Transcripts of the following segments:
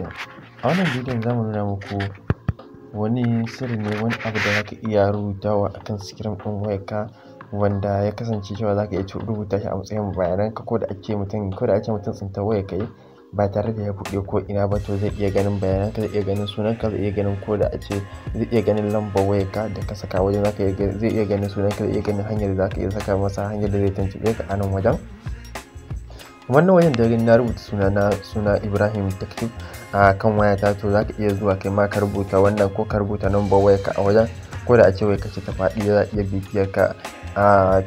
bidiyon a wannan bidiyon za mu nuna muku wani sirri ne wani abu da zaka iya rubutawa a kan sikirin ɗin wayarka wanda ya kasance cewa zaka iya rubuta shi a matsayin bayananka ko da ake mutum ko da ake mutum tsinta wayar ka ba tare da ya buɗe ko ina ba to zai iya ganin bayananka zai iya ganin sunanka zai iya ganin ko da a ce zai iya ganin lambar wayarka da ka saka wajen zai iya ganin sunanka zai iya ganin hanyar da zaka iya saka masa hanyar da zai tantance ka a nan wajen wannan wajen da na rubuta suna na suna ibrahim takif a kan wayata to za ka iya zuwa kai ma ka rubuta wannan ko ka rubuta number ka a wajen ko da a ce wai ka ce ta faɗi za a iya bibiyar ka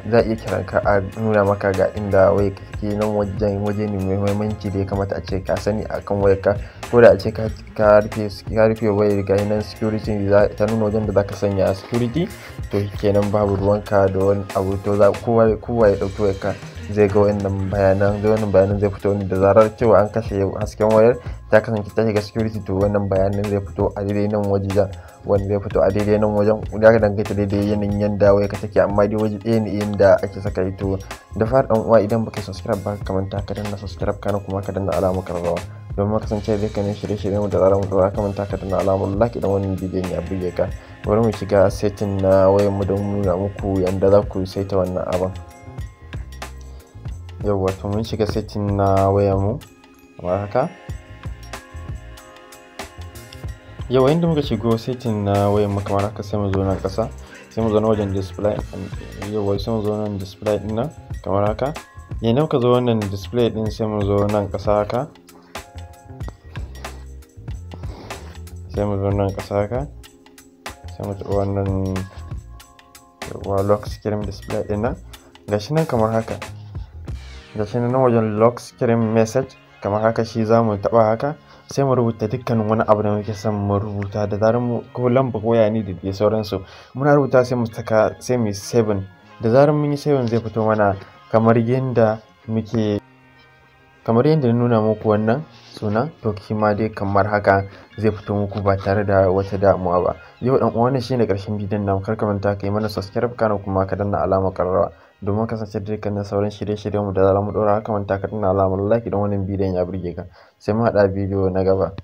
za a iya kiran ka a nuna maka ga inda ka ke nan wajen waje ne mai muhimmanci da ya kamata a ce ka sani a kan ka ko da a ce ka rufe wayar ga nan security ta nuna wajen da za ka sanya security to kenan babu ruwanka da wani abu to kowa ya ɗauki ka zai ga wayannan bayanan zai wannan bayanan zai fito ne da zarar cewa an kashe hasken wayar ta kasance ta shiga security to wannan bayanan zai fito a daidai nan wajen wanda zai fito a daidai nan wajen ya ka danganta daidai yanayin yanda waya ka take amma dai waje ɗaya ne yanda ake saka ito da fara dan uwa idan baka subscribe ba ka ka danna subscribe kana kuma ka danna alamu karrawa don ma kasance zai kanin shirye-shiryen da zarar mu dora ka manta ka danna alamar like idan wannan bidiyon ya buge ka bari mu shiga setting na wayar mu don nuna muku yanda za ku saita wannan abin yauwa to mun shiga setting na wayar mu kamar haka yauwa inda muka shigo setting na wayar mu kamar haka sai mu zo nan kasa sai mu zo nan wajen display yauwa sai mu zo nan display din nan kamar haka yayin muka zo wannan display din sai mu zo nan kasa haka sai mu zo nan kasa haka sai mu taɓa wannan wa lock screen display din nan gashi nan kamar haka da shi na wajen lock screen message kamar haka shi za mu taɓa haka sai mu rubuta dukkanin wani abu da muke son mu rubuta da zarar mu ko lamba ko yani da dai sauransu muna rubuta sai mu saka sai mu seven da zarar mun yi seven zai fito mana kamar yadda muke kamar yadda na nuna muku wannan suna to kima dai kamar haka zai fito muku ba tare da wata damuwa ba yau dan uwa ne shine karshen bidiyon nan kar ka manta kai mana subscribe kana kuma ka danna alamar karrawa domin kasance da na sauran shirye-shiryenmu da zarar mu dora haka mun ka danna alamar like don wannan bidiyon ya burge ka sai mu hada bidiyo na gaba.